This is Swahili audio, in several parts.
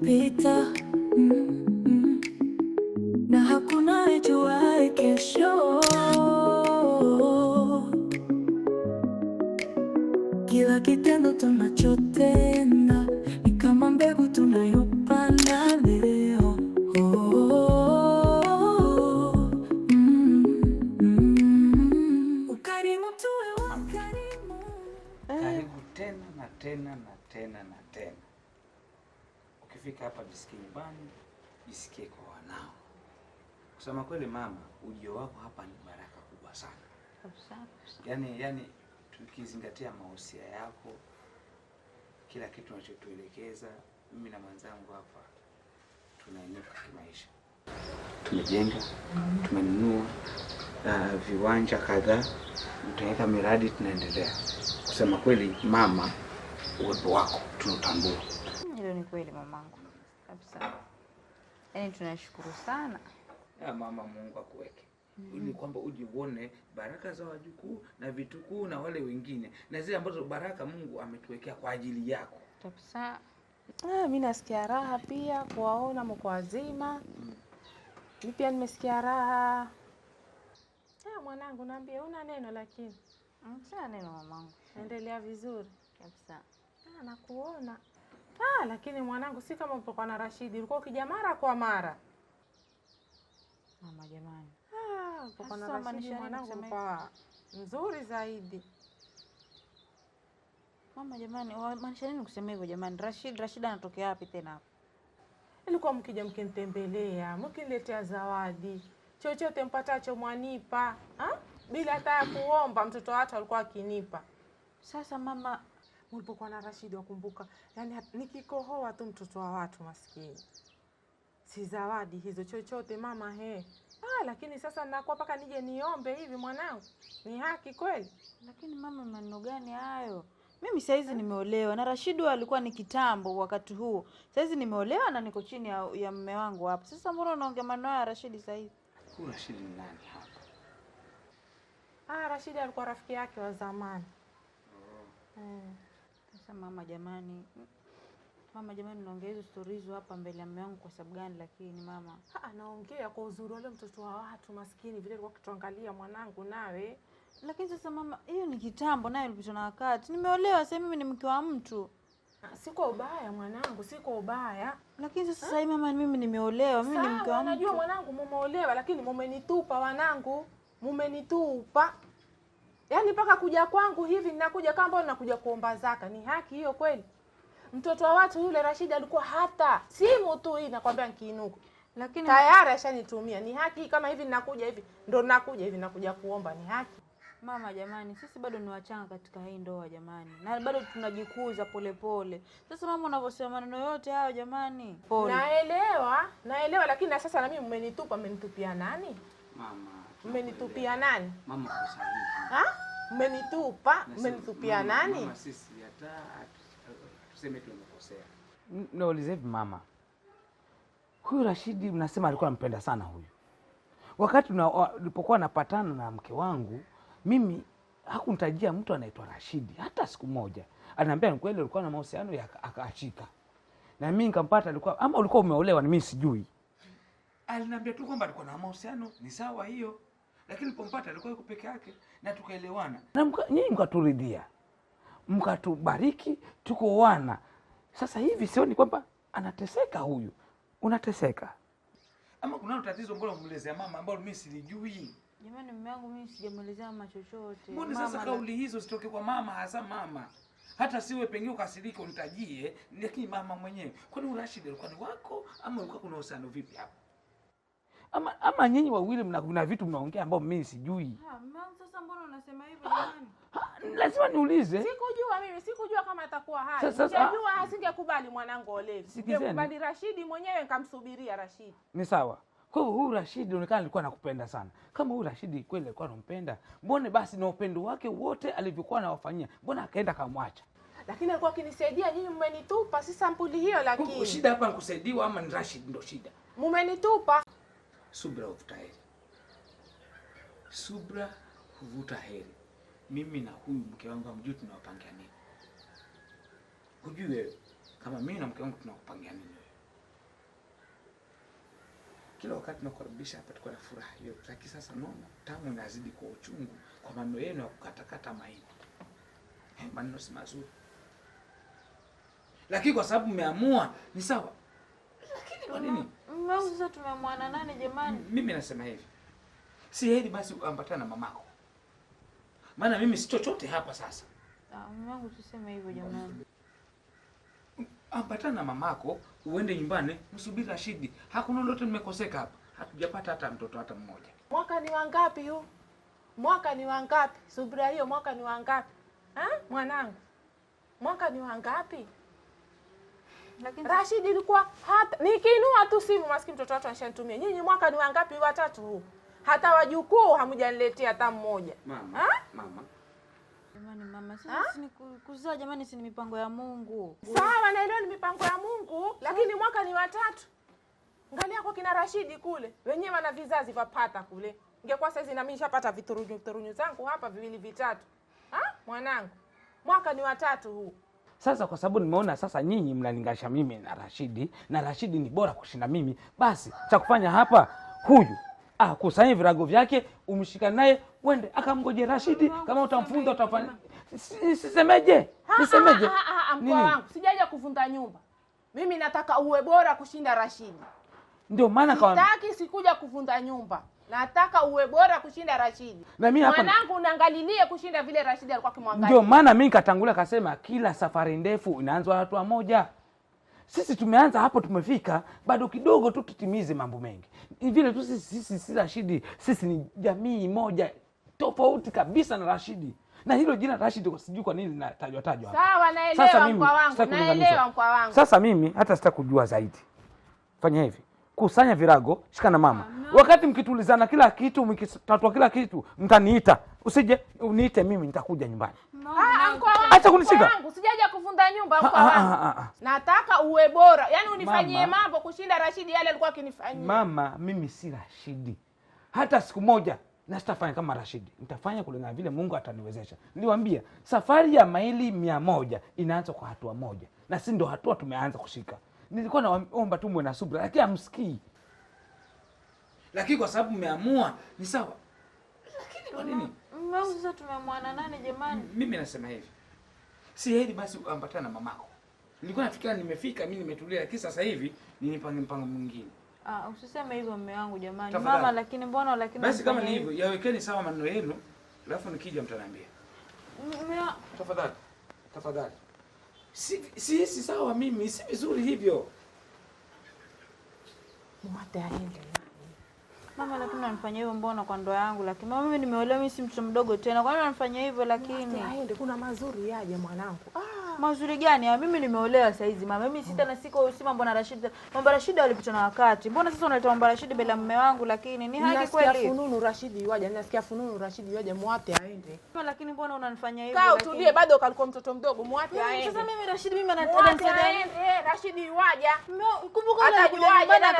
yanapita mm-hmm. Na hakuna ajuaye kesho. Kila kitendo tunachotenda ni kama mbegu tunayopanda leo mm-hmm. Ukarimu tuwe wakarimu. Karibu tena na tena na tena na tena Ukifika hapa jisikie nyumbani, jisikie kwa wanao. Kusema kweli, mama, ujio wako hapa ni baraka kubwa sana. Yaani, yaani tukizingatia mahusia yako, kila kitu unachotuelekeza, mimi na mwenzangu hapa tunainuka kimaisha. Tumejenga, mm-hmm. tumenunua uh, viwanja kadhaa, tunaweka miradi, tunaendelea. Kusema kweli, mama, uwepo wako tunautambua. Hilo ni kweli mamangu kabisa. Yaani tunashukuru sana ya mama, Mungu akuweke mm. ili kwamba ujione baraka za wajukuu na vitukuu na wale wengine na zile ambazo baraka Mungu ametuwekea kwa ajili yako kabisa. Ah, mi nasikia raha pia kuwaona mko wazima mm. mi pia nimesikia raha ah, mwanangu, naambia una neno lakini sina neno mamangu, endelea vizuri kabisa. Ah, nakuona Ah, lakini mwanangu, si kama ulivyokuwa na Rashidi, ulikuwa ukija mara kwa mara. Mama jamani, ah, na Rashidi mwanangu, ulikuwa mzuri zaidi. Mama jamani, maanisha nini kusema hivyo jamani? Rashid, Rashid anatokea wapi tena hapo? Ilikuwa mkija mkinitembelea, mkiniletea zawadi, chochote mpatacho mwanipa, ha? Ah? Bila hata ya kuomba, mtoto watu alikuwa akinipa. Sasa mama ulipokuwa na Rashid wakumbuka, yani nikikohoa tu mtoto wa watu maskini, si zawadi hizo chochote mama he. Ah, lakini sasa nakuwa mpaka nije niombe hivi, mwanangu, ni haki kweli? Lakini mama, maneno gani hayo? Mimi saizi nimeolewa na Rashidu alikuwa ni kitambo wakati huo. Saizi nimeolewa na niko chini ya, ya mme wangu hapa. Sasa mbona unaongea maneno ya Rashidi saizi? Huyu Rashidi ni nani hapa? Ah, Rashidi alikuwa rafiki yake wa zamani. Mm. Sasa mama jamani, mm, mama jamani, unaongea hizo stori hizo hapa mbele ya mume wangu kwa sababu gani? Lakini mama anaongea kwa uzuri wale mtoto wa watu maskini vile alikuwa kituangalia mwanangu nawe. Lakini sasa mama, hiyo ni kitambo, nayo ilipitwa na wakati. Nimeolewa sasa, mimi ni mke wa mtu. Si kwa ubaya mwanangu, si kwa ubaya. Lakini sasa hii mama, mimi nimeolewa, mimi ni mke wa mtu. Najua mwanangu, mumeolewa, lakini mumenitupa wanangu, mumenitupa yaani mpaka kuja kwangu hivi ninakuja kama mbona nakuja kuomba zaka. Ni haki hiyo kweli? Mtoto wa watu yule Rashid alikuwa hata simu tu hii nakwambia nkiinuka, lakini tayari ashanitumia. Ni haki kama hivi nakuja hivi ndo nakuja hivi nakuja kuomba, ni haki? Mama jamani, sisi bado ni wachanga katika hii ndoa jamani, na bado tunajikuza polepole. Sasa mama, unavyosema maneno yote hayo jamani, pole. Naelewa, naelewa, lakini na sasa na mimi mmenitupa, mmenitupia nani mama? mmenitupia nani? Mmenitupa, mmenitupia nani? Nauliza hivi mama, huyu Rashidi mnasema alikuwa anampenda sana huyu. Wakati nilipokuwa napatana na mke wangu mimi hakuntajia mtu anaitwa Rashidi hata siku moja. Anaambia ni kweli alikuwa na mahusiano akaachika na mimi nikampata, alikuwa ama ulikuwa umeolewa, mimi sijui. Aliniambia tu kwamba alikuwa na mahusiano, ni sawa hiyo lakini pompata alikuwa yuko peke yake na tukaelewana, na nyinyi mkaturidhia, mkatubariki, tuko wana. Sasa hivi sioni kwamba anateseka huyu, unateseka ama kuna tatizo mbona umelezea mama ambayo mimi silijui? Jamani, mume wangu mimi sijamwelezea mama chochote. Mbona sasa kauli hizo zitoke kwa mama, hasa mama hata siwe pengine ukasirika unitajie, lakini mama mwenyewe. Kwani Rashid alikuwa ni wako ama ulikuwa kuna uhusiano vipi hapo? ama, ama nyinyi wawili mna vitu mnaongea ambao mimi sijui. Sasa mbona unasema hivyo jamani? Lazima niulize. Sikujua mimi, sikujua kama atakuwa hai. Sijajua asingekubali mwanangu olevi. Sikubali Rashidi mwenyewe nikamsubiria Rashidi. Ni sawa. Kwa hiyo huyu Rashidi onekana alikuwa anakupenda sana. Kama huyu Rashidi kweli alikuwa anampenda, mbone basi na upendo wake wote alivyokuwa anawafanyia, mbona akaenda kamwacha Lakini alikuwa akinisaidia, nyinyi mmenitupa, si sampuli hiyo lakini. Shida hapa ni ama ni Rashid ndo shida? Mumenitupa subra huvuta heri. Subra huvuta heri. Mimi na huyu mke wangu hamjui tunawapangia nini. Hujui wewe kama mimi na mke wangu tunawapangia nini? Kila wakati tunakukaribisha hapa tukiwa na furaha hiyo, lakini sasa naona tamu inazidi kwa uchungu kwa maneno yenu ya kukatakata mahindi. Eh, maneno si mazuri, lakini kwa sababu mmeamua ni sawa. Kwa nini? Mwanzo sasa tumemwana nani jamani? Mimi nasema hivi. Si heri basi uambatane na mamako. Maana mimi si chochote hapa sasa. Ah, tuseme hivyo jamani. Ambatana na mamako uende nyumbani, msubiri Rashidi. Hakuna lolote nimekoseka hapa. Hatujapata hata mtoto hata mmoja. Mwaka ni wangapi huu? Mwaka ni wangapi? Subira hiyo mwaka ni wangapi? Ha? Mwanangu. Mwaka ni wangapi? Lakini Rashid ilikuwa hata nikiinua tu simu, maski mtoto wangu anashanitumia. Nyinyi mwaka ni wangapi? Watatu huu, hata wajukuu hamjaniletea hata mmoja. Mama, mama Jamani mama, ni kuzaa jamani, si ni mipango ya Mungu. Sawa, naelewa ni mipango ya Mungu, lakini mwaka ni watatu. Angalia kwa kina Rashidi kule, wenyewe wana vizazi vapata kule. Ingekuwa saizi mimi nishapata viturunyu viturunyu zangu hapa viwili vitatu. Ha? Mwanangu, mwaka ni watatu huu. Sasa kwa sababu nimeona sasa nyinyi mnalinganisha mimi na Rashidi, na Rashidi ni bora kushinda mimi, basi cha kufanya hapa, huyu akusanye ah, virago vyake, umshika naye wende akamgoje Rashidi. Kama utamfunza utafanya, sisemeje? Nisemeje? wangu sijaja kuvunja nyumba, mimi nataka uwe bora kushinda Rashidi, ndio maana sitaki sikuja kufunda nyumba. Nataka uwe bora kushinda Rashidi. Na mimi hapa mwanangu unaangalilie kushinda vile Rashidi alikuwa akimwangalia. Ndio maana mimi nikatangulia kasema kila safari ndefu inaanza watu wa moja. Sisi tumeanza hapo, tumefika bado kidogo tu, tutimize mambo mengi vile tu. Sisi sisi si Rashidi, sisi ni jamii moja tofauti kabisa na Rashidi, na hilo jina Rashidi sijui kwa nini linatajwa tajwa Sawa, naelewa mkwa wangu, naelewa mkwa wangu. Sasa mimi hata sitakujua kujua zaidi, fanya hivi kusanya virago, shika na mama. Wakati mkitulizana kila kitu, mkitatua kila kitu, mtaniita. Usije uniite mimi, nitakuja nyumbani. Ah, Acha kunishika. Usijaje kuvunda nyumba mko ah, ah, wangu. Nataka uwe bora. Yaani unifanyie mambo kushinda Rashidi yale alikuwa akinifanyia. Mama, mimi si Rashidi. Hata siku moja na sitafanya kama Rashidi. Nitafanya kulingana vile Mungu ataniwezesha. Niliwaambia safari ya maili mia moja inaanza kwa hatua moja, na si ndo hatua tumeanza kushika nilikuwa naomba tu mwe na subira, lakini amsikii Lakini kwa sababu mmeamua ni sawa, lakini kwa nini sasa tumeamua na nani jamani? Mimi nasema hivi, si heri basi uambatane na mamako. Nilikuwa nafikiria nimefika mimi nimetulia, lakini sasa hivi ninipange mpango mwingine. Ah, usiseme hivyo mume wangu jamani. Tafadhali. Mama lakini mbona lakini Basi kama ni hivyo yawekeni sawa maneno yenu, alafu nikija mtaniambia. Tafadhali. Tafadhali si, si, si sawa mimi, si vizuri hivyo. Mwate aende mama, lakini anafanya hivyo mbona kwa ndoa yangu? Lakini mama, mimi nimeolewa, mimi si mtoto mdogo tena, nini anafanya hivyo? Lakini aende, kuna mazuri yaje mwanangu. ah mazuri gani? Ah, mimi nimeolewa sasa hizi mama. Mimi sita na siko si mambo na Rashid. Mambo Rashid alipita na wakati. Mbona sasa unaleta mambo Rashid bila mume wangu lakini ni haki kweli? Nasikia fununu Rashid yuaje. Nasikia fununu Rashid yuaje muate aende. Kwa Lakini mbona unanifanya hivyo? Kaa utulie bado kalikuwa mtoto mdogo muate yaani, aende. Sasa mimi Rashid mimi anataka msaada. Rashid yuaje. Kumbuka yule bwana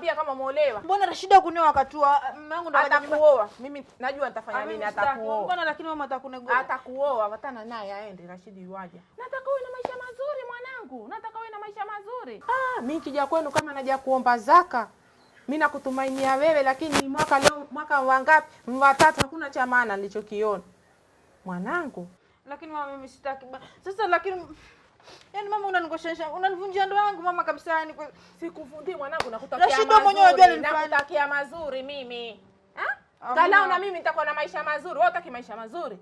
Nikamwambia kama umeolewa. Mbona Rashida kunioa akatua? Eh, mama yangu ndo atakuoa. Mimi najua nitafanya nini atakuoa. Mbona lakini mama atakunegua. Atakuoa, watana naye aende Rashidi waje. Nataka uwe na maisha mazuri mwanangu. Nataka uwe na maisha mazuri. Ah, mimi kija kwenu kama naja kuomba zaka. Mimi nakutumainia wewe lakini mwaka leo mwaka wa wangapi? Mwatatu hakuna cha maana nilichokiona. Mwanangu. Lakini mama mimi sitaki. Sasa lakini Yaani mama unanikoshesha, unanivunjia ndoa yangu mama kabisa yani sikufundii mwanangu kutakia mazuri. Rashid mwenyewe unajua nilikutakia mazuri mimi. Ha? Kalao na mimi nitakuwa na maisha mazuri. Wewe utaki maisha mazuri?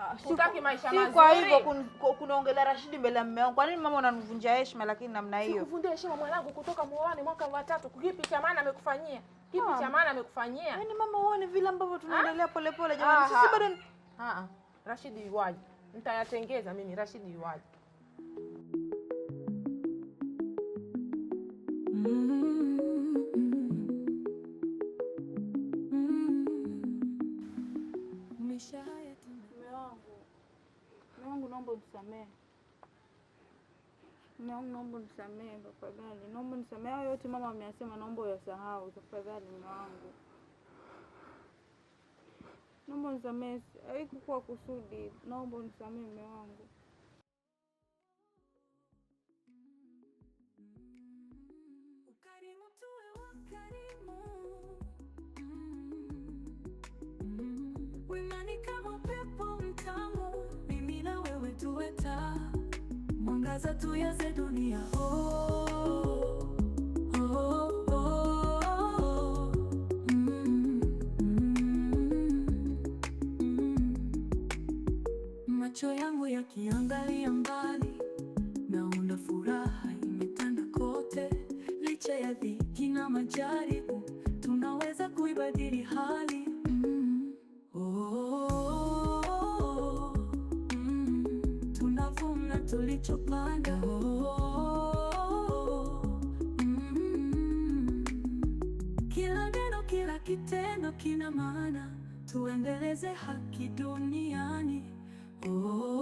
Ah, Sitaki maisha mazuri. Si kwa hivyo kunaongelea Rashid mbele ya mume wangu. Kwa nini mama unanivunjia heshima lakini namna hiyo? Sikuvunjia heshima mwanangu kutoka muoane mwaka wa tatu. Kipi cha maana amekufanyia? Kipi ah. cha maana amekufanyia? Yaani mama uone vile ambavyo tunaendelea ah. polepole jamani. Sisi bado Ah ah. Rashid yuwaje? Nitayatengeza mimi Rashid yuwaje? naomba unisamehe, mume wangu, naomba unisamehe tafadhali, naomba unisamehe. Hayo yote mama ameyasema, naomba uyasahau tafadhali, mume wangu, naomba unisamehe, haikukuwa kusudi, naomba unisamehe mume wangu. Ukarimu tuwe wakarimu tuyajaza tuyaze dunia oh. tulichopanda oh, oh, oh. Mm -hmm. Kila neno, kila kitendo kina maana, tuendeleze haki duniani oh.